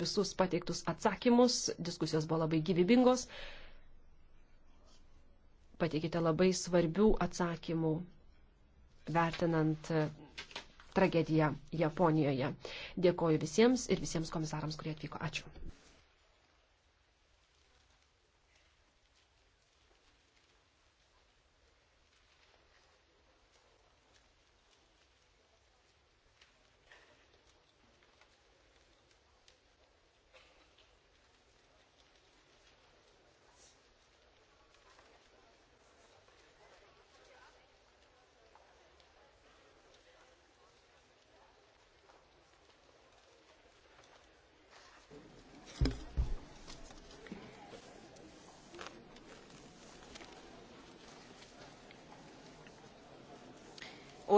visus pateiktus atsakymus. Diskusijos buvo labai gyvybingos. Pateikite labai svarbių atsakymų vertinant e, tragediją Japonijoje. Dėkoju visiems ir visiems komisarams, kurie atvyko. Ačiū.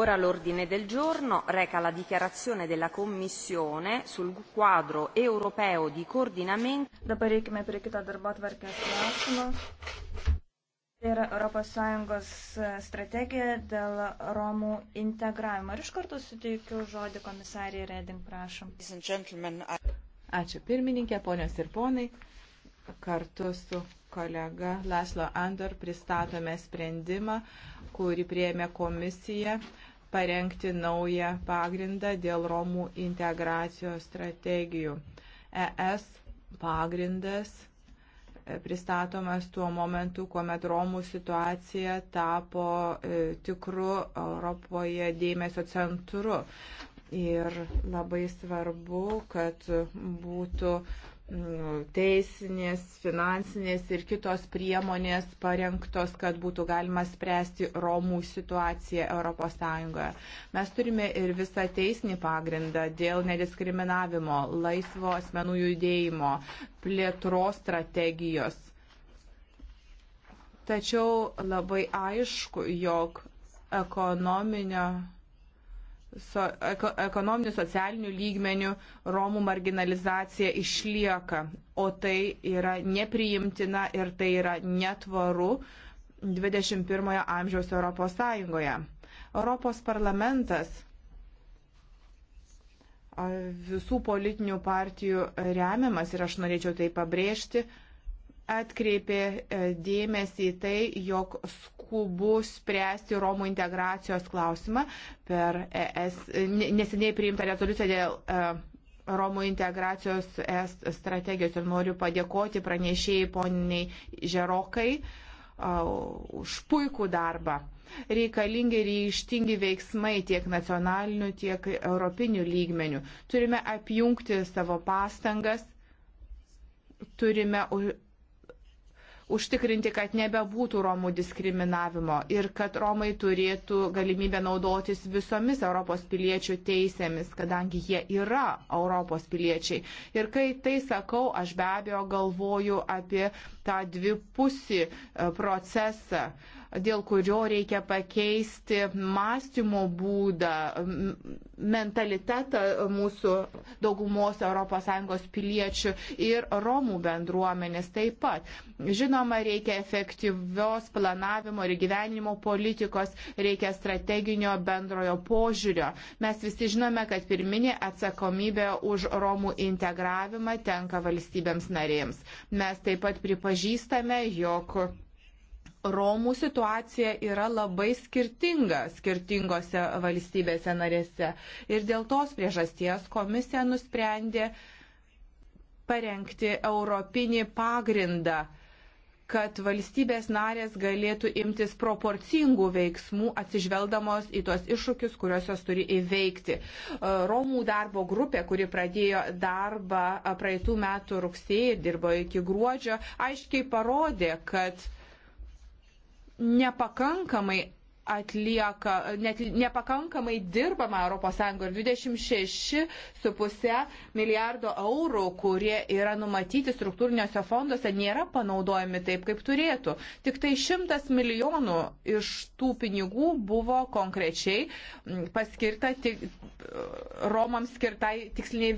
Ora l'ordine del giorno reca la dichiarazione della Commissione sul quadro europeo di coordinamento. Dabar reikime prie kito darbo tvarkės klausimo. Tai yra ES e, strategija dėl Romų integravimo. Ir iš karto suteikiu žodį komisarijai Reding, prašom. Ačiū pirmininkė, ponios ir ponai. Kartu su kolega Laslo Andor pristatome sprendimą, kurį prieėmė komisija parengti naują pagrindą dėl Romų integracijos strategijų. ES pagrindas e, pristatomas tuo momentu, kuomet Romų situacija tapo e, tikru Europoje dėmesio centru. Ir labai svarbu, kad būtų Nu, teisinės, finansinės ir kitos priemonės parengtos, kad būtų galima spręsti Romų situaciją ES. Mes turime ir visą teisinį pagrindą dėl nediskriminavimo, laisvo asmenų judėjimo, plėtros strategijos. Tačiau labai aišku, jog ekonominio so, ekonominių, socialinių lygmenių Romų marginalizacija išlieka, o tai yra nepriimtina ir tai yra netvaru 21 amžiaus Europos Sąjungoje. Europos parlamentas visų politinių partijų remiamas ir aš norėčiau tai pabrėžti, atkreipė e, dėmesį į tai, jog skubu spręsti Romų integracijos klausimą per ES, neseniai priimtą rezoliuciją dėl e, Romų integracijos ES strategijos ir noriu padėkoti pranešėjai poniai Žerokai už puikų darbą. Reikalingi ryštingi veiksmai tiek nacionalinių, tiek europinių lygmenių. Turime apjungti savo pastangas, turime užtikrinti, kad nebebūtų Romų diskriminavimo ir kad Romai turėtų galimybę naudotis visomis Europos piliečių teisėmis, kadangi jie yra Europos piliečiai. Ir kai tai sakau, aš be abejo galvoju apie tą dvipusį e, procesą. Uh, dėl kurio reikia pakeisti mąstymo būdą, mentalitetą mūsų daugumos ES piliečių ir Romų bendruomenės taip pat. Žinoma, reikia efektyvios planavimo ir gyvenimo politikos, reikia strateginio bendrojo požiūrio. Mes visi žinome, kad pirminė atsakomybė už Romų integravimą tenka valstybėms narėms. Mes taip pat pripažįstame, jog Romų situacija yra labai skirtinga skirtingose valstybėse narėse. Ir dėl tos priežasties komisija nusprendė parengti europinį pagrindą, kad valstybės narės galėtų imtis proporcingų veiksmų atsižvelgdamos į tuos iššūkius, kuriuos jos turi įveikti. E, Romų darbo grupė, kuri pradėjo darbą praeitų metų rugsėjį, dirbo iki gruodžio, aiškiai parodė, kad nepakankamai atlieka, net nepakankamai dirbama ES ir 26,5 milijardo eurų, kurie yra numatyti struktūriniuose fonduose, nėra panaudojami taip, kaip turėtų. Tik tai 100 milijonų iš tų pinigų buvo konkrečiai paskirta tik, Romams skirtai tiksliniai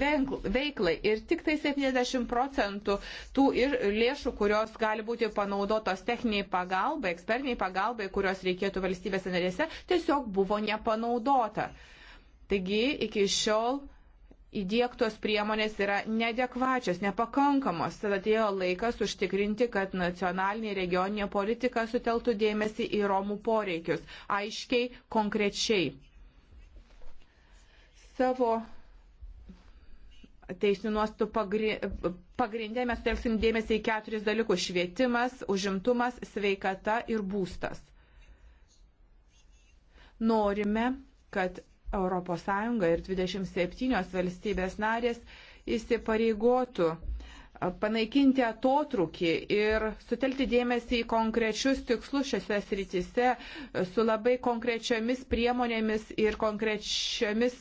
veiklai ir tik tai 70 procentų tų ir lėšų, kurios gali būti panaudotos techniniai pagalbai, ekspertiniai pagalbai, kurios reikėtų valstybės valstybėse narėse tiesiog buvo nepanaudota. Taigi iki šiol įdėktos priemonės yra nedekvačios, nepakankamos. Tad atėjo laikas užtikrinti, kad nacionalinė regioninė politika suteltų dėmesį į Romų poreikius. Aiškiai, konkrečiai. Savo teisinių nuostų pagri, pagrindė mes telksim dėmesį į keturis dalykus - švietimas, užimtumas, sveikata ir būstas. Norime, kad ES ir 27 valstybės narės įsipareigotų panaikinti atotrukį ir sutelkti dėmesį į konkrečius tikslus šiose srityse su labai konkrečiomis priemonėmis ir konkrečiomis,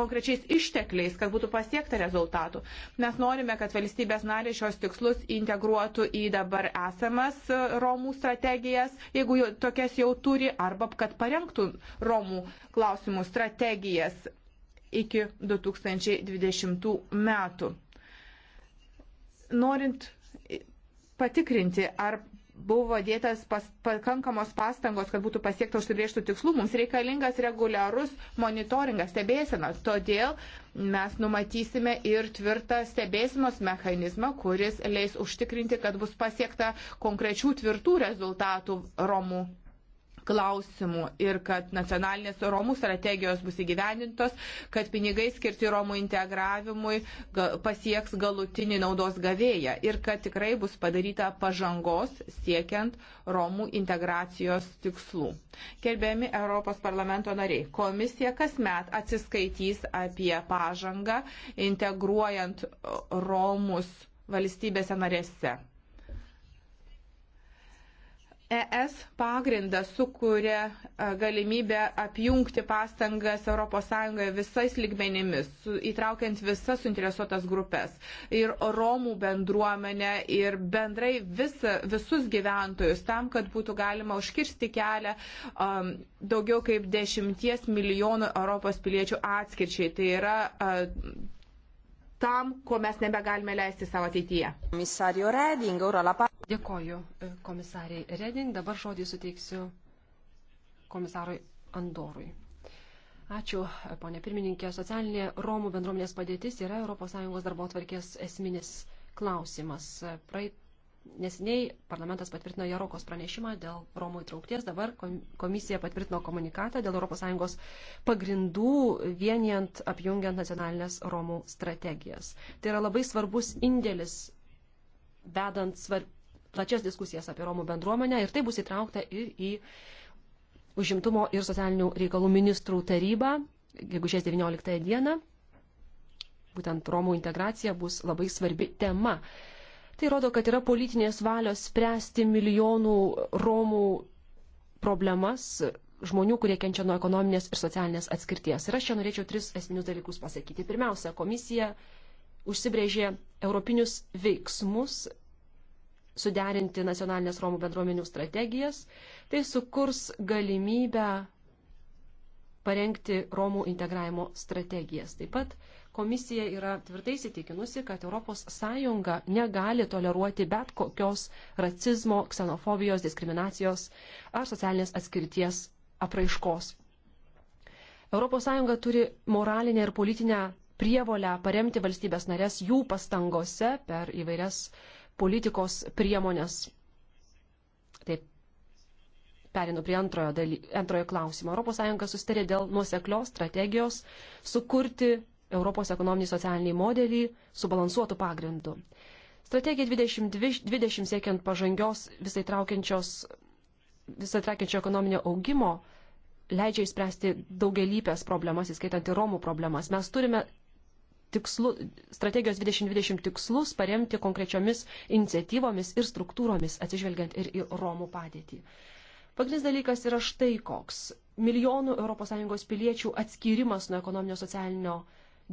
konkrečiais ištekliais, kad būtų pasiekta rezultatų. Mes norime, kad valstybės narė šios tikslus integruotų į dabar esamas Romų strategijas, jeigu tokias jau turi, arba kad parengtų Romų klausimų strategijas iki 2020 metų norint patikrinti, ar buvo dėtas pas, pakankamos pastangos, kad būtų pasiekta užsibrieštų tikslų, mums reikalingas reguliarus monitoringas, stebėsenas. Todėl mes numatysime ir tvirtą stebėsenos mechanizmą, kuris leis užtikrinti, kad bus pasiekta konkrečių tvirtų rezultatų Romų klausimų ir kad nacionalinės Romų strategijos bus įgyvendintos, kad pinigai skirti Romų integravimui pasieks galutinį naudos gavėją ir kad tikrai bus padaryta pažangos siekiant Romų integracijos tikslų. Gerbiami Europos parlamento nariai, komisija kasmet atsiskaitys apie pažangą integruojant Romus valstybėse narėse. ES pagrindas sukuria e, galimybę apjungti pastangas ES visais ligmenimis, įtraukiant visas suinteresuotas grupės ir Romų bendruomenę ir bendrai visa, visus gyventojus tam, kad būtų galima užkirsti kelią um, daugiau kaip dešimties milijonų Europos piliečių atskirčiai. Tai yra uh, tam, ko mes nebegalime leisti savo ateityje. Reding, la... Dėkoju e, komisariai Reding. Dabar žodį suteiksiu komisarui Andorui. Ačiū, e, ponė pirmininkė. Socialinė Romų bendruomenės padėtis yra ES darbo tvarkės esminis klausimas. E, praeit Nesiniai parlamentas patvirtino Jarokos pranešimą dėl Romų įtraukties, dabar komisija patvirtino komunikatą dėl ES pagrindų vienijant, apjungiant nacionalinės Romų strategijas. Tai yra labai svarbus indėlis vedant svarb... plačias diskusijas apie Romų bendruomenę ir tai bus įtraukta ir į užimtumo ir socialinių reikalų ministrų tarybą, gegužės 19 dieną. Būtent Romų integracija bus labai svarbi tema. Tai rodo, kad yra politinės valios spręsti milijonų Romų problemas, žmonių, kurie kenčia nuo ekonominės ir socialinės atskirties. Ir aš čia norėčiau tris esminius dalykus pasakyti. Pirmiausia, komisija užsibrėžė europinius veiksmus suderinti nacionalinės Romų bendruomenių strategijas. Tai sukurs galimybę parengti Romų integravimo strategijas. Taip pat Komisija yra tvirtai įsitikinusi, kad ES negali toleruoti bet kokios racizmo, ksenofobijos, diskriminacijos ar socialinės atskirties apraiškos. ES turi moralinę ir politinę prievolę paremti valstybės narės jų pastangose per įvairias politikos priemonės. Taip, perinu prie antrojo, daly, antrojo klausimo. ES sustarė dėl nuoseklios strategijos sukurti Europos ekonominį socialinį modelį subalansuotų pagrindų. Strategija 2020 20, siekiant pažangios visai traukiančios, visai traukiančio ekonominio augimo leidžia įspręsti daugelypės problemas, įskaitant ir Romų problemas. Mes turime tikslu, strategijos 2020 tikslus paremti konkrečiomis iniciatyvomis ir struktūromis, atsižvelgiant ir į Romų padėtį. Pagrindinis dalykas yra štai koks. Milijonų ES piliečių atskyrimas nuo ekonominio socialinio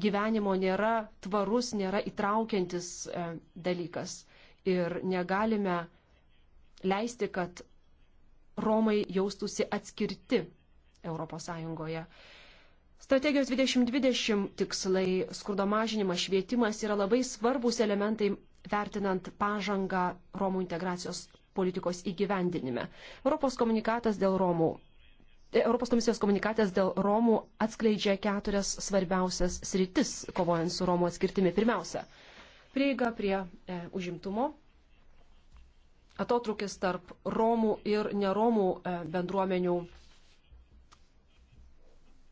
gyvenimo nėra tvarus, nėra įtraukiantis e, dalykas. Ir negalime leisti, kad Romai jaustųsi atskirti ES. Strategijos 2020 tikslai, skurdo mažinimas, švietimas yra labai svarbus elementai vertinant pažangą Romų integracijos politikos įgyvendinime. Europos komunikatas dėl Romų Europos komisijos komunikatas dėl Romų atskleidžia keturias svarbiausias sritis, kovojant su Romų atskirtimi. Pirmiausia, prieiga prie e, užimtumo, atotrukis tarp Romų ir neromų e, bendruomenių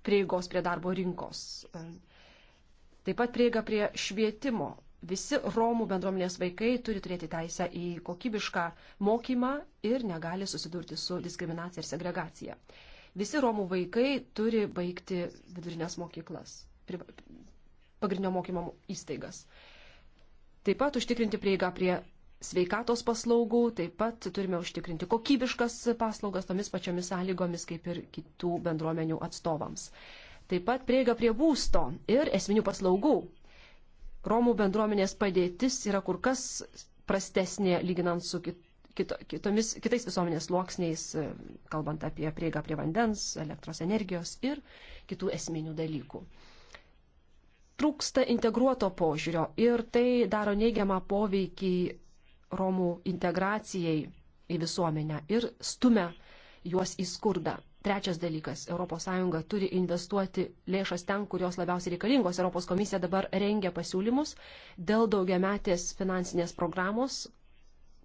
prieigos prie darbo rinkos. E, taip pat prieiga prie švietimo. Visi Romų bendruomenės vaikai turi turėti teisę į kokybišką mokymą ir negali susidurti su diskriminacija ir segregacija. E, visi Romų vaikai turi baigti vidurinės mokyklas, pagrindinio mokymo įstaigas. Taip pat užtikrinti prieigą prie sveikatos paslaugų, taip pat turime užtikrinti kokybiškas paslaugas tomis pačiomis sąlygomis kaip ir kitų bendruomenių atstovams. Taip pat prieiga prie būsto ir esminių paslaugų. Romų bendruomenės padėtis yra kur kas prastesnė lyginant su kitų kito, kitomis, kitais visuomenės sluoksniais, e, kalbant apie prieigą prie vandens, elektros energijos ir kitų esminių dalykų. Trūksta integruoto požiūrio ir tai daro neigiamą poveikį Romų integracijai į visuomenę ir stumia juos į skurdą. Trečias dalykas - ES turi investuoti lėšas ten, kurios labiausiai reikalingos. ES dabar rengia pasiūlymus dėl daugiametės finansinės programos,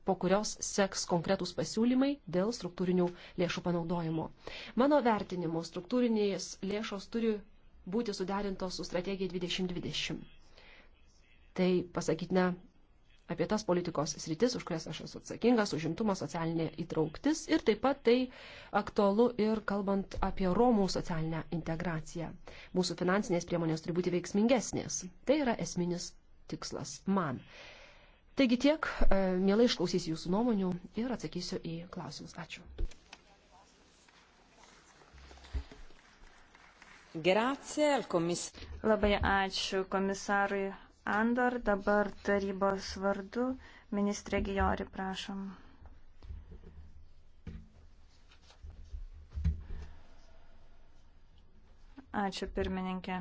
po kurios seks konkretūs pasiūlymai dėl struktūrinių lėšų panaudojimo. Mano vertinimu, struktūrinės lėšos turi būti suderintos su strategija 2020. Tai pasakytina apie tas politikos sritis, už kurias aš esu atsakingas, užimtumas, socialinė įtrauktis ir taip pat tai aktualu ir kalbant apie Romų socialinę integraciją. Mūsų finansinės priemonės turi būti veiksmingesnės. Tai yra esminis tikslas man. Taigi tiek, e, mielai išklausysiu jūsų nuomonių ir atsakysiu į klausimus. Ačiū. Grazie, komis... Labai ačiū komisarui Andor. Dabar tarybos vardu ministrė Gijori, prašom. Ačiū pirmininkė.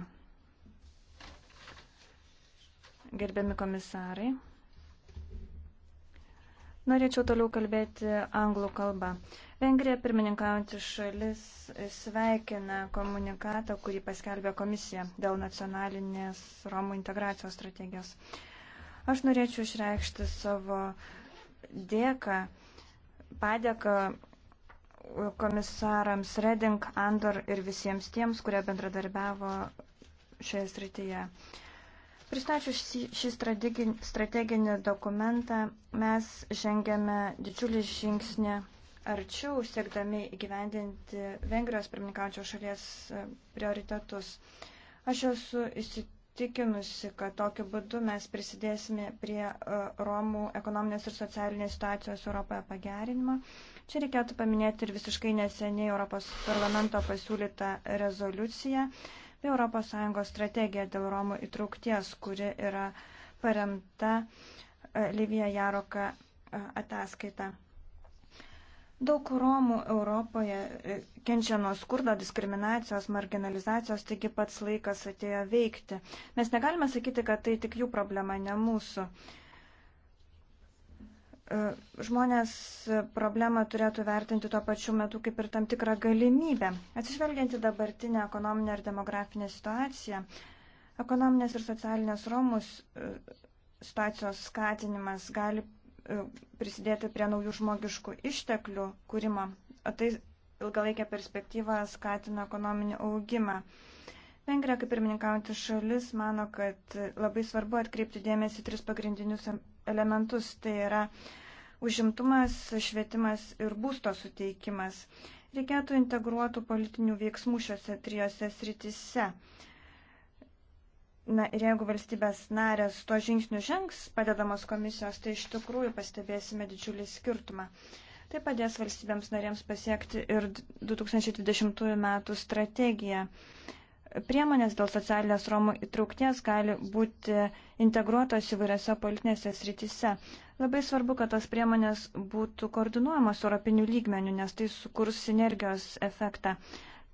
Gerbiami komisarai. Norėčiau toliau kalbėti anglų kalbą. Vengrija pirmininkaujantį šalis sveikina komunikatą, kurį paskelbė komisija dėl nacionalinės Romų integracijos strategijos. Aš norėčiau išreikšti savo dėką, padėką komisarams Reding, Andor ir visiems tiems, kurie bendradarbiavo šioje srityje. Uh, Pristačius šį, šį strateginį dokumentą mes žengėme didžiulį žingsnį arčiau, siekdami įgyvendinti Vengrijos pirmininkaujančios šalies e, prioritetus. Aš esu įsitikinusi, kad tokiu būdu mes prisidėsime prie e, Romų ekonominės ir socialinės situacijos Europoje pagerinimo. Čia reikėtų paminėti ir visiškai neseniai Europos parlamento pasiūlytą rezoliuciją bei ES strategija dėl Romų įtraukties, kuri yra paremta e, Livija Jaroka e, ataskaita. Daug Romų Europoje e, kenčia nuo skurdo, diskriminacijos, marginalizacijos, taigi pats laikas atėjo veikti. Mes negalime sakyti, kad tai tik jų problema, ne mūsų. E, žmonės problemą turėtų vertinti tuo pačiu metu kaip ir tam tikrą galimybę. Atsižvelgianti dabartinę ekonominę ir demografinę situaciją, ekonominės ir socialinės Romus e, situacijos skatinimas gali e, prisidėti prie naujų žmogiškų išteklių kūrimo, o tai ilgalaikę perspektyvą skatina ekonominį augimą. Vengrija, kaip pirmininkaujantis šalis, mano, kad labai svarbu atkreipti dėmesį tris pagrindinius elementus, tai yra užimtumas, švietimas ir būsto suteikimas. Reikėtų integruotų politinių veiksmų šiuose trijose sritise. Na ir jeigu valstybės narės to žingsnių žengs, padedamos komisijos, tai iš tikrųjų pastebėsime didžiulį skirtumą. Tai padės valstybėms narėms pasiekti ir 2020 metų strategiją. Priemonės dėl socialinės Romų įtraukties gali būti integruotos įvairiose politinėse srityse. Labai svarbu, kad tos priemonės būtų koordinuojamos europinių lygmenių, nes tai sukurs sinergijos efektą.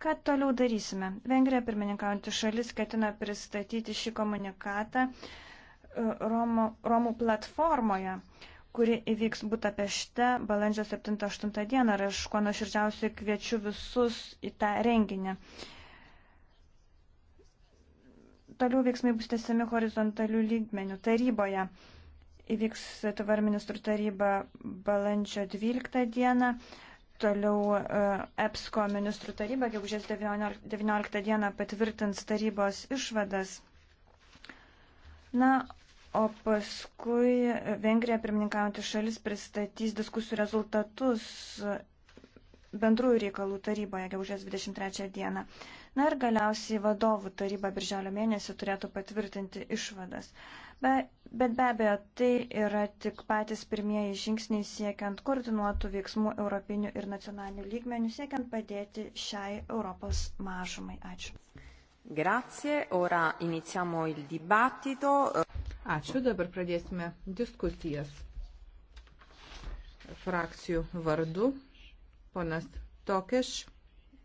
Ką toliau darysime? Vengrija pirmininkaujantį šalis ketina pristatyti šį komunikatą e, Romų, Romų platformoje kuri įvyks Butapešte balandžio 7-8 dieną ir aš kuo nuoširdžiausiai kviečiu visus į tą renginį. Uh, Toliau veiksmai bus tęsiami horizontalių lygmenių taryboje. Įvyks tvar ministrų taryba balandžio 12 dieną. Toliau e, EPSCO ministrų taryba, gegužės 19 dieną patvirtins tarybos išvadas. Na, O paskui Vengrija pirmininkaujantys šalis pristatys diskusijų rezultatus bendrųjų reikalų taryboje, gegužės 23 dieną. Na ir galiausiai vadovų taryba birželio mėnesį turėtų patvirtinti išvadas. Be, bet be abejo, tai yra tik patys pirmieji žingsniai siekiant koordinuotų veiksmų europinių ir nacionalinių lygmenių, siekiant padėti šiai Europos mažumai. Ačiū. Grazie, ora iniziamo il dibattito. Ačiū, dabar pradėsime diskusijas frakcijų vardu. Ponas Tokeš.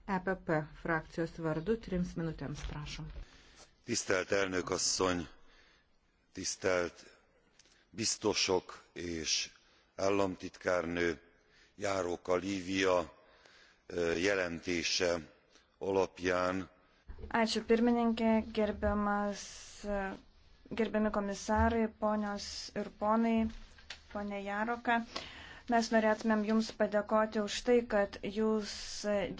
EPP frakcijos vardu trims minutėms, prašom. Tisztelt elnök asszony, tisztelt biztosok és államtitkárnő, Járóka Lívia jelentése alapján. Ačiū pirmininkė, gerbiamas, gerbiami komisarai, ponios ir ponai, ponė Jaroka. Uh, Mes norėtumėm Jums padėkoti už tai, kad Jūs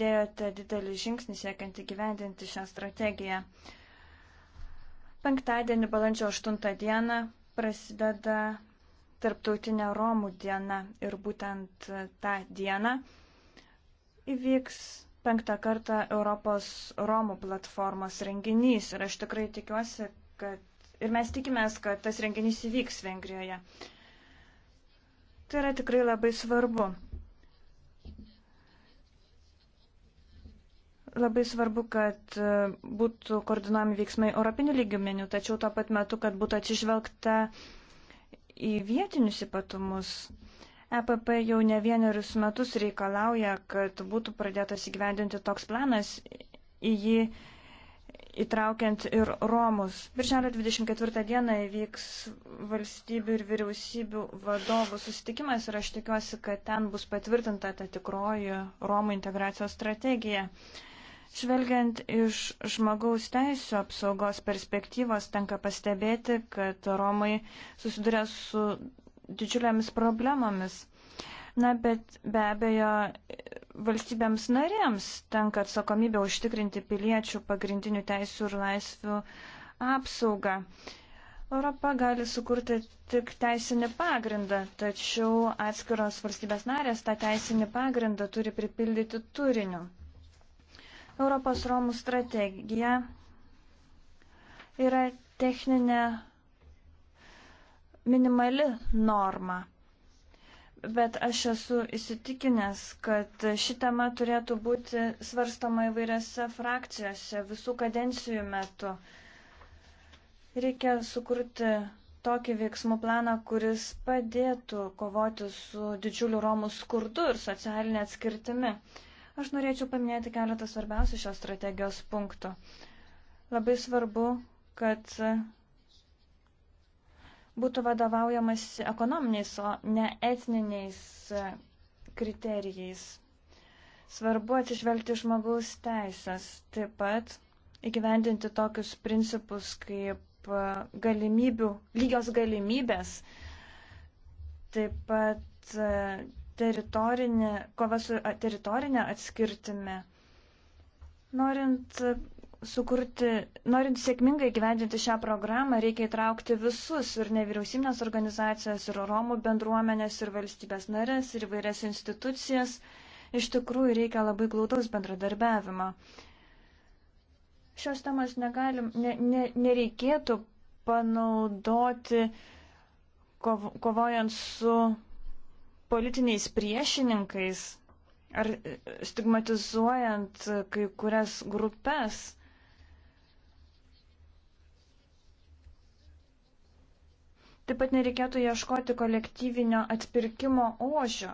dėjote didelį žingsnį siekiant įgyvendinti šią strategiją. Penktadienį, balandžio 8 dieną, prasideda Tarptautinė Romų diena ir būtent tą dieną įvyks penktą kartą Europos Romų platformos renginys ir aš tikrai tikiuosi, kad ir mes tikimės, kad tas renginys įvyks Vengrijoje. Tai yra tikrai labai svarbu. Labai svarbu, kad e, būtų koordinuojami veiksmai europinių lygiumenių, tačiau tuo pat metu, kad būtų atsižvelgta į vietinius ypatumus. EPP jau ne vienerius metus reikalauja, kad būtų pradėtas įgyvendinti toks planas, į jį įtraukiant ir Romus. Birželio 24 dieną įvyks valstybių ir vyriausybių vadovų susitikimas ir aš tikiuosi, kad ten bus patvirtinta ta tikroji Romų integracijos strategija. Žvelgiant iš žmogaus teisų apsaugos perspektyvos, tenka pastebėti, kad Romai susiduria su didžiuliamis problemomis. Na, bet be abejo, valstybėms narėms tenka atsakomybė užtikrinti piliečių pagrindinių teisų ir laisvių apsaugą. Europa gali sukurti tik teisinį pagrindą, tačiau atskiros valstybės narės tą teisinį pagrindą turi pripildyti turiniu. Europos Romų strategija yra techninė minimali norma bet aš esu įsitikinęs, kad ši tema turėtų būti svarstama įvairiose frakcijose visų kadencijų metu. Reikia sukurti tokį veiksmų planą, kuris padėtų kovoti su didžiuliu Romų skurdu ir socialinė atskirtimi. Aš norėčiau paminėti keletą svarbiausių šios strategijos punktų. Labai svarbu, kad būtų vadovaujamas ekonominiais, o ne etniniais e, kriterijais. Svarbu atsižvelgti žmogaus teisės, taip pat įgyvendinti tokius principus kaip e, galimybių, lygios galimybės, taip pat e, teritorinė, kova su teritorinė atskirtimi. Norint sukurti, norint sėkmingai gyvendinti šią programą, reikia įtraukti visus ir nevyriausybinės organizacijas, ir Romų bendruomenės, ir valstybės narės, ir vairias institucijas. Iš tikrųjų, reikia labai glaudaus bendradarbiavimo. Šios temos negalim, ne, ne, nereikėtų panaudoti kov, kovojant su politiniais priešininkais ar stigmatizuojant kai kurias grupės Taip pat nereikėtų ieškoti kolektyvinio atpirkimo ožio.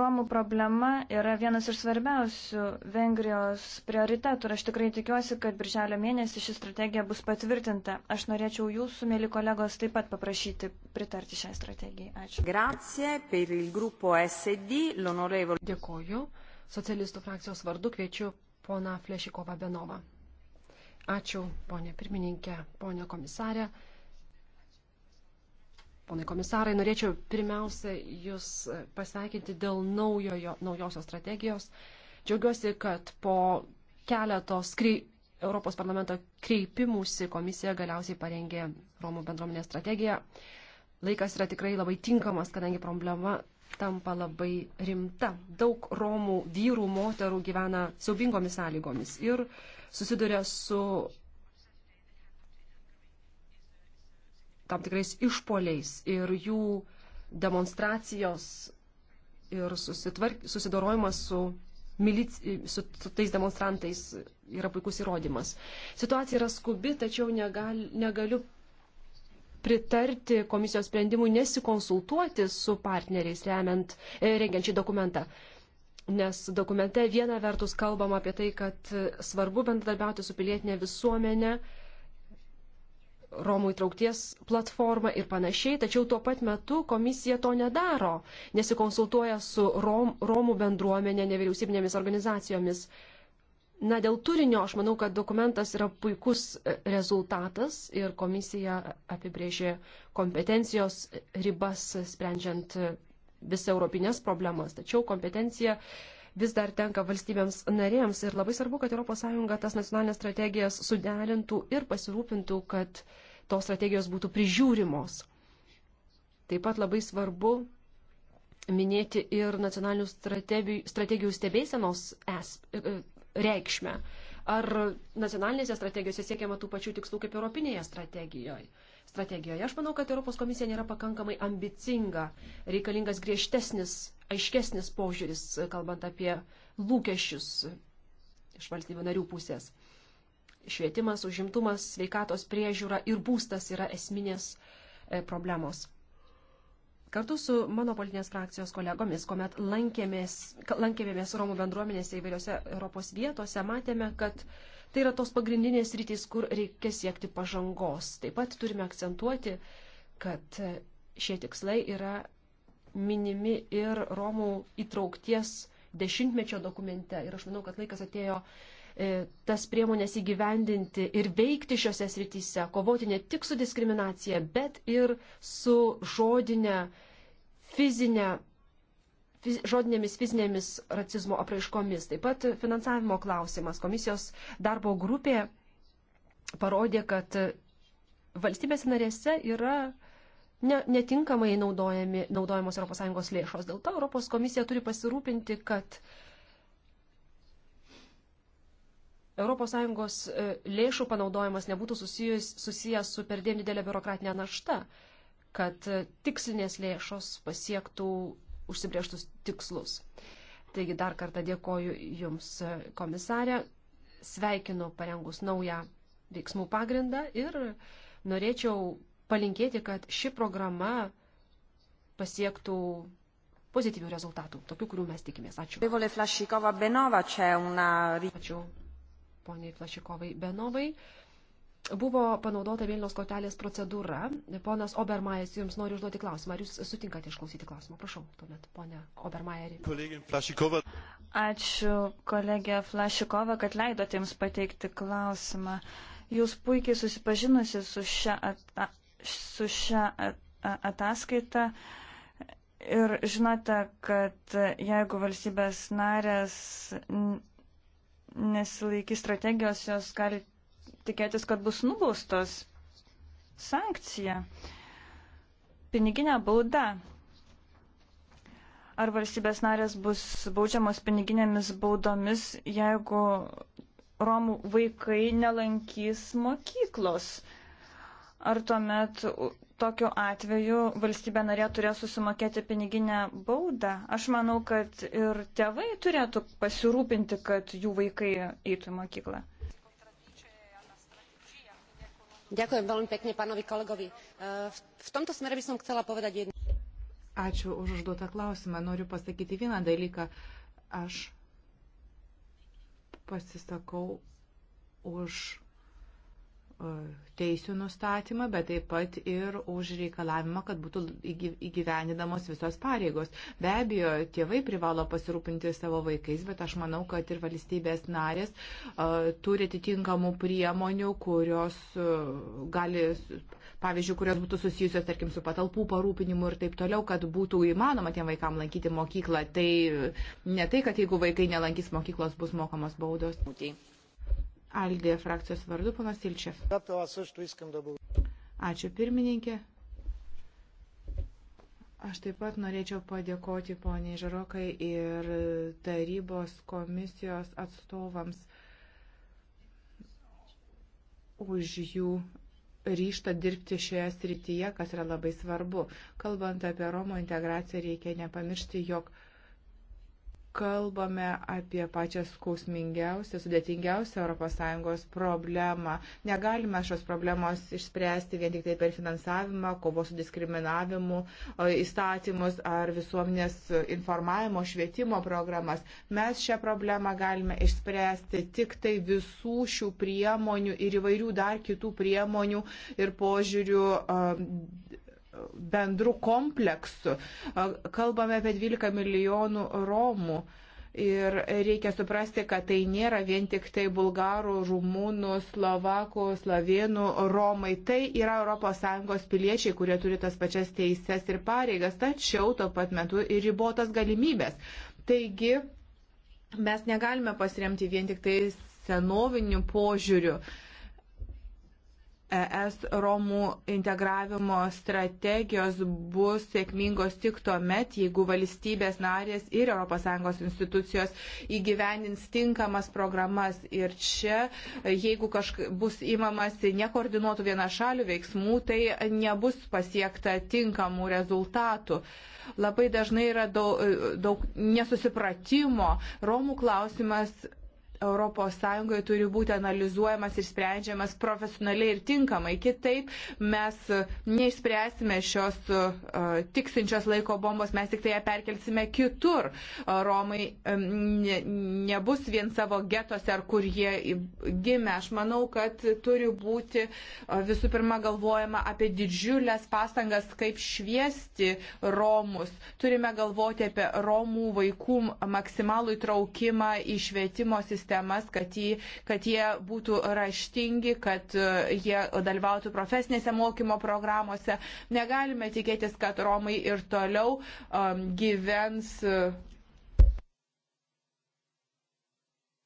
Romų problema yra vienas iš svarbiausių Vengrijos prioritetų ir aš tikrai tikiuosi, kad birželio mėnesį ši strategija bus patvirtinta. Aš norėčiau jūsų, mėly kolegos, taip pat paprašyti pritarti šiai strategijai. Ačiū. Grazie per il gruppo SD, l'onorevole. Dėkoju. Socialistų frakcijos vardu kviečiu poną Flešikovą Benovą. Ačiū, ponė pirmininkė, ponė komisarė. Ponai komisarai, norėčiau pirmiausia Jūs pasveikinti dėl naujojo, naujosios strategijos. Džiaugiuosi, kad po keletos skry, Europos parlamento kreipimųsi komisija galiausiai parengė Romų bendruomenės strategiją. Laikas yra tikrai labai tinkamas, kadangi problema tampa labai rimta. Daug Romų vyrų, moterų gyvena siaubingomis sąlygomis ir susiduria su tam tikrais išpoliais ir jų demonstracijos ir susidorojimas su, milic, su, su tais demonstrantais yra puikus įrodymas. Situacija yra skubi, tačiau negal, negaliu pritarti komisijos sprendimui nesikonsultuoti su partneriais remiant, e, rengiant šį dokumentą. Nes dokumente viena vertus kalbama apie tai, kad svarbu bendradarbiauti su pilietinė visuomenė, Romų įtraukties platformą ir panašiai, tačiau tuo pat metu komisija to nedaro, nesikonsultuoja su Rom, Romų bendruomenė, nevyriausybinėmis organizacijomis. Na, dėl turinio aš manau, kad dokumentas yra puikus e, rezultatas ir komisija apibrėžė kompetencijos ribas sprendžiant e, visą europinės problemas. Tačiau kompetencija vis dar tenka valstybėms narėms ir labai svarbu, kad ES tas nacionalinės strategijas suderintų ir pasirūpintų, kad tos strategijos būtų prižiūrimos. Taip pat labai svarbu minėti ir nacionalinių strategijų stebėsenos e, reikšmę. Ar nacionalinėse strategijose siekiama tų pačių tikslų kaip europinėje strategijoje? strategijoje. Aš manau, kad Europos komisija nėra pakankamai ambicinga, reikalingas griežtesnis, aiškesnis požiūris, kalbant apie lūkesčius iš valstybių narių pusės. Švietimas, užimtumas, sveikatos priežiūra ir būstas yra esminės e, problemos. Kartu su mano politinės frakcijos kolegomis, kuomet lankėmės, lankėmės Romų bendruomenėse įvairiose Europos vietose, matėme, kad tai yra tos pagrindinės rytis, kur reikia siekti pažangos. Taip pat turime akcentuoti, kad šie tikslai yra minimi ir Romų įtraukties dešimtmečio dokumente. Ir aš manau, kad laikas atėjo uh, E, tas priemonės įgyvendinti ir veikti šiuose srityse, kovoti ne tik su diskriminacija, bet ir su žodinė, fizinė, fiz, žodinėmis fizinėmis racizmo apraiškomis. Taip pat finansavimo klausimas. Komisijos darbo grupė parodė, kad valstybės narėse yra ne, netinkamai naudojamos ES lėšos. Dėl to ES komisija turi pasirūpinti, kad uh, ES e, lėšų panaudojimas nebūtų susijęs, susijęs su perdėm didelė biurokratinė našta, kad e, tikslinės lėšos pasiektų užsibrieštus tikslus. Taigi dar kartą dėkoju Jums, e, komisarė, sveikinu parengus naują veiksmų pagrindą ir norėčiau palinkėti, kad ši programa pasiektų pozityvių rezultatų, tokių, kurių mes tikimės. Ačiū. Ačiū poniai Plašikovai Benovai. Buvo panaudota Vilniaus kortelės procedūra. Ponas Obermajas, jums noriu užduoti klausimą. Ar jūs sutinkate išklausyti klausimą? Prašau, tuomet, ponė Obermajerį. Ačiū, kolegė Flašikova, kad leidote jums pateikti klausimą. Jūs puikiai susipažinusi su šia, ata, su šia ataskaita ir žinote, kad jeigu valstybės narės nesilaikys strategijos, jos gali tikėtis, kad bus nubaustos. Sankcija. Piniginė bauda. Ar valstybės narės bus baudžiamos piniginėmis baudomis, jeigu Romų vaikai nelankys mokyklos? ar tuomet tokiu atveju valstybė narė turės susimokėti piniginę baudą? Aš manau, kad ir tėvai turėtų pasirūpinti, kad jų vaikai eitų į mokyklą. Ďakujem veľmi pekne pánovi kolegovi. E, v tomto smere by som chcela povedať jednu. Ačiū už užduotą klausimą. Noriu pasakyti vieną dalyką. Aš pasisakau už E, teisų nustatymą, bet taip pat ir už reikalavimą, kad būtų įgyveninamos visos pareigos. Be abejo, tėvai privalo pasirūpinti savo vaikais, bet aš manau, kad ir valstybės narės uh, turi atitinkamų priemonių, kurios uh, gali, pavyzdžiui, kurios būtų susijusios, tarkim, su patalpų parūpinimu ir taip toliau, kad būtų įmanoma tiem vaikam lankyti mokyklą. Tai ne tai, kad jeigu vaikai nelankys mokyklos, bus mokamos baudos. Mūtį. Aldė frakcijos vardu, panas Ilčev. Ačiū pirmininkė. Aš taip pat norėčiau padėkoti poniai Žarokai ir tarybos komisijos atstovams už jų ryštą dirbti šioje srityje, kas yra labai svarbu. Kalbant apie Romo integraciją, reikia nepamiršti, jog kalbame apie pačią skausmingiausią, sudėtingiausią ES problemą. Negalime šios problemos išspręsti vien tik tai per finansavimą, kovos su diskriminavimu, įstatymus ar visuomenės informavimo švietimo programas. Mes šią problemą galime išspręsti tik tai visų šių priemonių ir įvairių dar kitų priemonių ir požiūrių bendrų kompleksų. Kalbame apie 12 milijonų Romų. Ir reikia suprasti, kad tai nėra vien tik tai bulgarų, rumūnų, slovakų, slovėnų, romai. Tai yra ES piliečiai, kurie turi tas pačias teises ir pareigas, tačiau tuo pat metu ir ribotas galimybės. Taigi mes negalime pasiremti vien tik tai senoviniu požiūriu. Uh, ES Romų integravimo strategijos bus sėkmingos tik tuo met, jeigu valstybės narės ir ES institucijos įgyvendins tinkamas programas. Ir čia, jeigu kažk... bus įmamasi nekoordinuotų vienašalių veiksmų, tai nebus pasiekta tinkamų rezultatų. Labai dažnai yra daug, daug nesusipratimo. Romų klausimas ES turi būti analizuojamas ir sprendžiamas profesionaliai ir tinkamai. Kitaip mes e, neišspręsime šios uh, tiksinčios laiko bombos, mes tik tai ją perkelsime kitur. E, Romai um, ne, nebus vien savo getose ar kur jie gimė. Aš manau, kad turi būti uh, visų pirma galvojama apie didžiulės pastangas, kaip šviesti Romus. Turime galvoti apie Romų vaikų maksimalų įtraukimą į švietimo sistemą sistemas, kad, jį, kad jie būtų raštingi, kad e, jie dalyvautų profesinėse mokymo programuose. Negalime tikėtis, kad Romai ir toliau um, gyvens e,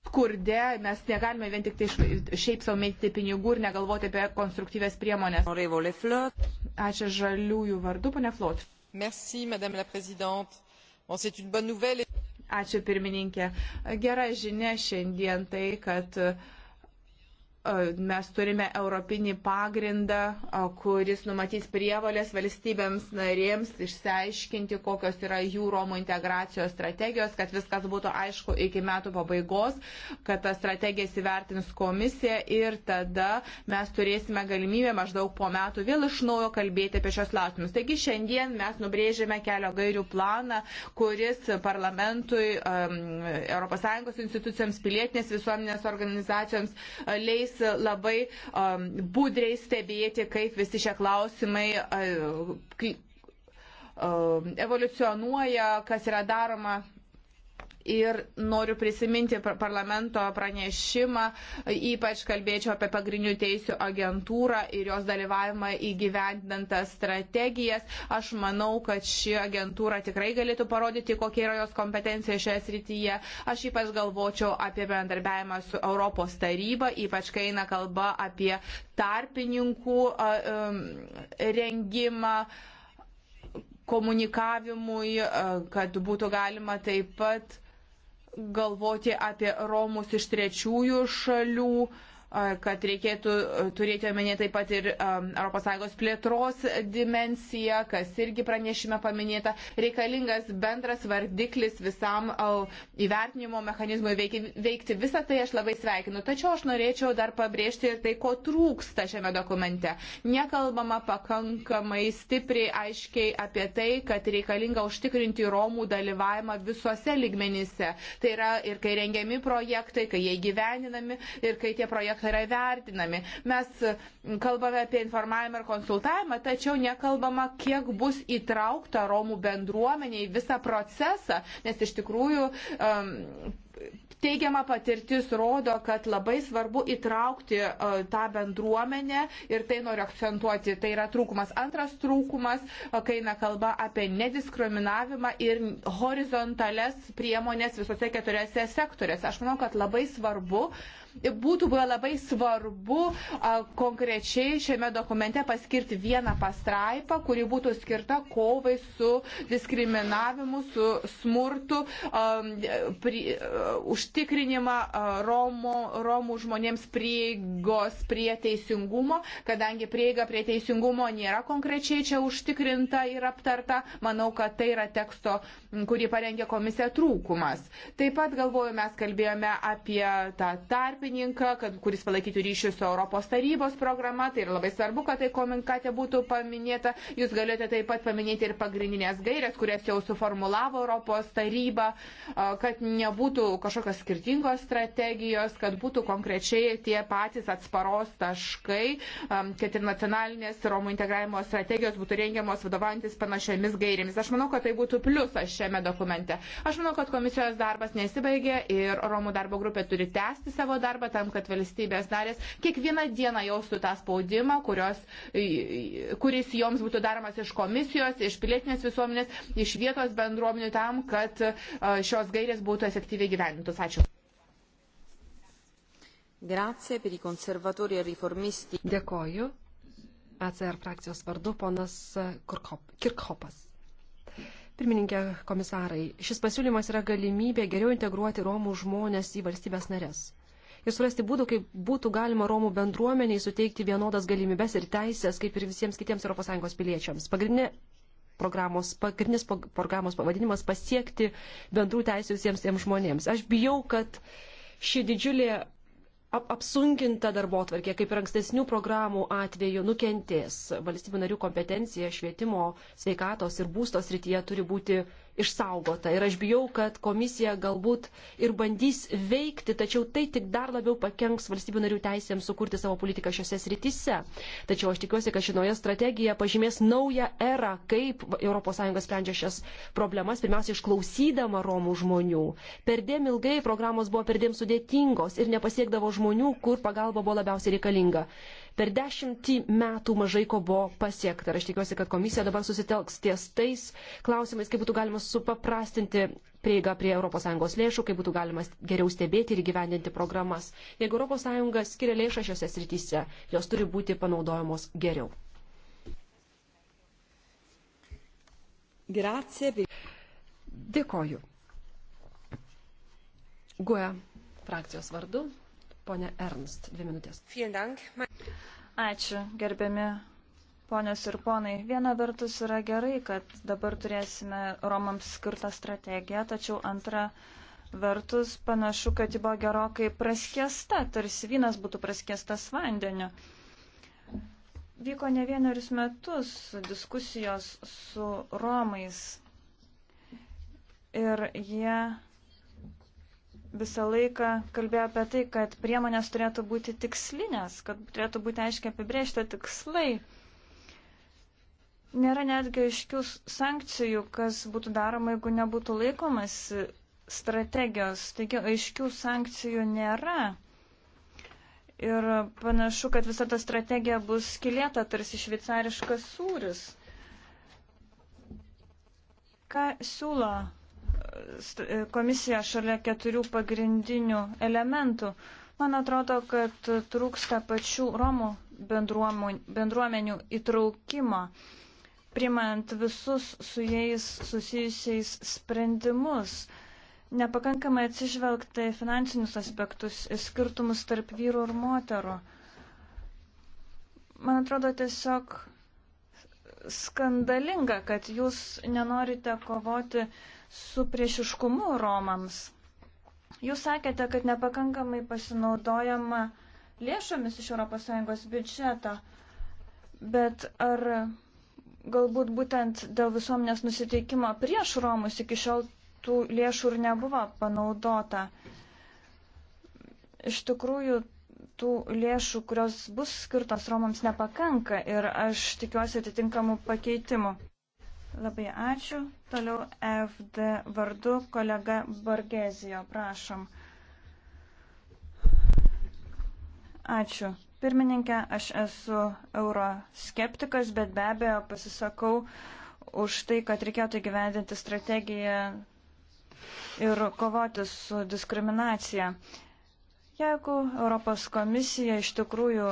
skurde, mes negalime vien tik tai šiaip savo mėtyti pinigų ir negalvoti apie konstruktyvės priemonės. Ačiū žaliųjų vardu, pane Flot. Merci, madame la présidente. Bon, c'est une bonne nouvelle. Ačiū pirmininkė. Gera žinia šiandien tai, kad uh, mes turime europinį pagrindą, kuris numatys prievalės valstybėms narėms išsiaiškinti, kokios yra jų Romų integracijos strategijos, kad viskas būtų aišku iki metų pabaigos, kad tą strategiją įvertins komisija ir tada mes turėsime galimybę maždaug po metų vėl iš naujo kalbėti apie šios klausimus. Taigi šiandien mes nubrėžėme kelio gairių planą, kuris parlamentui, ES institucijoms, pilietinės visuomenės organizacijoms leis leis labai um, budriai stebėti, kaip visi šie klausimai. Uh, um, evoliucionuoja, kas yra daroma Ir noriu prisiminti parlamento pranešimą, ypač kalbėčiau apie pagrindinių teisų agentūrą ir jos dalyvavimą įgyvendintas strategijas. Aš manau, kad ši agentūra tikrai galėtų parodyti, kokia yra jos kompetencija šioje srityje. Aš ypač galvočiau apie bendarbiavimą su Europos taryba, ypač kai eina kalba apie tarpininkų rengimą komunikavimui, kad būtų galima taip pat galvoti apie Romus iš trečiųjų šalių kad reikėtų turėti omenyje taip pat ir ES plėtros dimensiją, kas irgi pranešime paminėta, reikalingas bendras vardiklis visam įvertinimo mechanizmui veikti. Visą tai aš labai sveikinu. Tačiau aš norėčiau dar pabrėžti ir tai, ko trūksta šiame dokumente. Nekalbama pakankamai stipriai, aiškiai apie tai, kad reikalinga užtikrinti Romų dalyvavimą visuose ligmenyse. Tai yra ir kai rengiami projektai, kai jie gyveninami ir kai tie projektai Tai yra vertinami. Mes kalbame apie informavimą ir konsultavimą, tačiau nekalbama, kiek bus įtraukta Romų bendruomenė į visą procesą, nes iš tikrųjų um, teigiama patirtis rodo, kad labai svarbu įtraukti e, tą bendruomenę ir tai noriu akcentuoti, tai yra trūkumas. Antras trūkumas, e, kai eina kalba apie nediskriminavimą ir horizontales priemonės visose keturiose sektoriuose. Aš manau, kad labai svarbu, būtų buvę labai svarbu e, konkrečiai šiame dokumente paskirti vieną pastraipą, kuri būtų skirta kovai su diskriminavimu, su smurtu. Pri, užtikrinimą Romų, Romų žmonėms prieigos prie teisingumo, kadangi prieiga prie teisingumo nėra konkrečiai čia užtikrinta ir aptarta, manau, kad tai yra teksto, kurį parengė komisija trūkumas. Taip pat galvoju, mes kalbėjome apie tą tarpininką, kad, kuris palaikytų ryšius su Europos tarybos programa, tai yra labai svarbu, kad tai komunikate būtų paminėta. Jūs galėjote taip pat paminėti ir pagrindinės gairės, kurias jau suformulavo Europos taryba, kad nebūtų kažkokios skirtingos strategijos, kad būtų konkrečiai tie patys atsparos taškai, kad ir nacionalinės Romų integravimo strategijos būtų rengiamos vadovantis panašiomis gairėmis. Aš manau, kad tai būtų pliusas šiame dokumente. Aš manau, kad komisijos darbas nesibaigė ir Romų darbo grupė turi tęsti savo darbą tam, kad valstybės narės kiekvieną dieną jaustų tą spaudimą, kurios, kuris joms būtų daromas iš komisijos, iš pilietinės visuomenės, iš vietos bendruomenių tam, kad šios gairės būtų efektyviai gyventi įgyvendintos. Ačiū. Grazie per i konservatoriai ir e reformisti. Dėkoju. ACR frakcijos vardu ponas e, Kirkhopas. Pirmininkė komisarai, šis pasiūlymas yra galimybė geriau integruoti Romų žmonės į valstybės narės ir surasti būdų, kaip būtų galima Romų bendruomeniai suteikti vienodas galimybes ir teisės, kaip ir visiems kitiems ES piliečiams. Pagrindinė programos, pagrindinis programos pavadinimas pasiekti bendrų teisų visiems tiems žmonėms. Aš bijau, kad ši didžiulė ap apsunkinta darbo tvarkė, kaip ir ankstesnių programų atveju, nukentės. Valstybių narių kompetencija švietimo, sveikatos ir būstos rytyje turi būti išsaugota. Ir aš bijau, kad komisija galbūt ir bandys veikti, tačiau tai tik dar labiau pakenks valstybių narių teisėms sukurti savo politiką šiose srityse. Tačiau aš tikiuosi, kad ši nauja strategija pažymės naują erą, kaip ES sprendžia šias problemas, pirmiausia, išklausydama Romų žmonių. Perdėm ilgai programos buvo perdėm sudėtingos ir nepasiekdavo žmonių, kur pagalba buvo labiausiai reikalinga. Per dešimtį metų mažai ko buvo pasiekta. Ir aš tikiuosi, kad komisija dabar susitelks ties tais klausimais, kaip būtų galima supaprastinti prieigą prie ES lėšų, kaip būtų galima geriau stebėti ir gyvendinti programas. Jeigu ES skiria lėšą šiose srityse, jos turi būti panaudojamos geriau. Grazie. Dėkoju. Guja frakcijos vardu Pone Ernst, dvi minutės. Ačiū, gerbiami ponios ir ponai. Viena vertus yra gerai, kad dabar turėsime Romams skirtą strategiją, tačiau antra vertus panašu, kad ji buvo gerokai praskėsta, tarsi vynas būtų praskėstas vandeniu. Vyko ne vienerius metus diskusijos su Romais ir jie visą laiką kalbėjo apie tai, kad priemonės turėtų būti tikslinės, kad turėtų būti aiškiai apibriežta tikslai. Nėra netgi aiškių sankcijų, kas būtų daroma, jeigu nebūtų laikomas strategijos. Taigi aiškių sankcijų nėra. Ir panašu, kad visa ta strategija bus skilėta tarsi šveicariškas sūris. Ką siūlo komisija šalia keturių pagrindinių elementų. Man atrodo, kad trūksta pačių Romų bendruomenių įtraukimo, primant visus su jais susijusiais sprendimus. Nepakankamai atsižvelgta į finansinius aspektus, į skirtumus tarp vyrų ir moterų. Man atrodo, tiesiog skandalinga, kad jūs nenorite kovoti su priešiškumu Romams. Jūs sakėte, kad nepakankamai pasinaudojama lėšomis iš ES biudžeto, bet ar galbūt būtent dėl visuomenės nusiteikimo prieš Romus iki šiol tų lėšų ir nebuvo panaudota? Iš tikrųjų, tų lėšų, kurios bus skirtos Romams, nepakanka ir aš tikiuosi atitinkamų pakeitimų. Labai ačiū. Toliau FD vardu kolega Borgezijo, prašom. Ačiū. Pirmininkė, aš esu euroskeptikas, bet be abejo pasisakau už tai, kad reikėtų gyvendinti strategiją ir kovoti su diskriminacija. Jeigu Europos komisija iš tikrųjų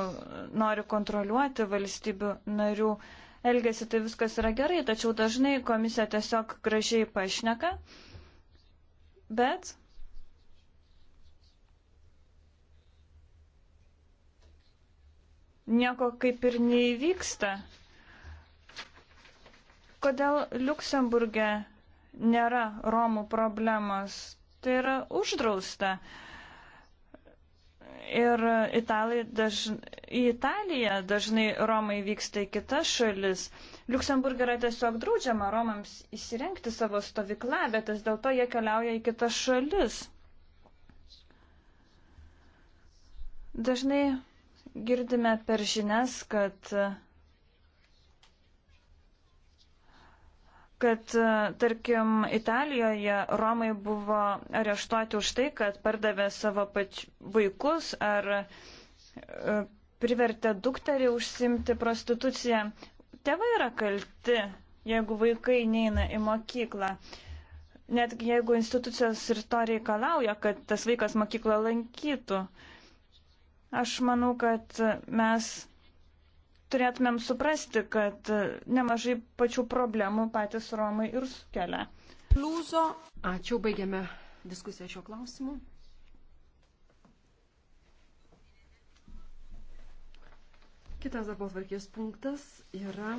nori kontroliuoti valstybių narių, uh, elgesi, tai viskas yra gerai, tačiau dažnai komisija tiesiog gražiai pašneka, bet nieko kaip ir neįvyksta. Kodėl Luksemburgė nėra Romų problemos? Tai yra uždrausta. Ir italai dažnai į Italiją, dažnai Romai vyksta į kitas šalis. Luksemburg yra tiesiog draudžiama Romams įsirenkti savo stovyklavietas, dėl to jie keliauja į kitas šalis. Dažnai girdime per žinias, kad, kad tarkim, Italijoje Romai buvo areštuoti už tai, kad pardavė savo pač vaikus ar privertė dukterį užsimti prostituciją. Tėvai yra kalti, jeigu vaikai neina į mokyklą. Net jeigu institucijos ir to reikalauja, kad tas vaikas mokyklą lankytų. Aš manau, kad mes turėtumėm suprasti, kad nemažai pačių problemų patys Romai ir sukelia. Lūzo. Ačiū, baigiame diskusiją šiuo klausimu. Kitas darbos varkės punktas yra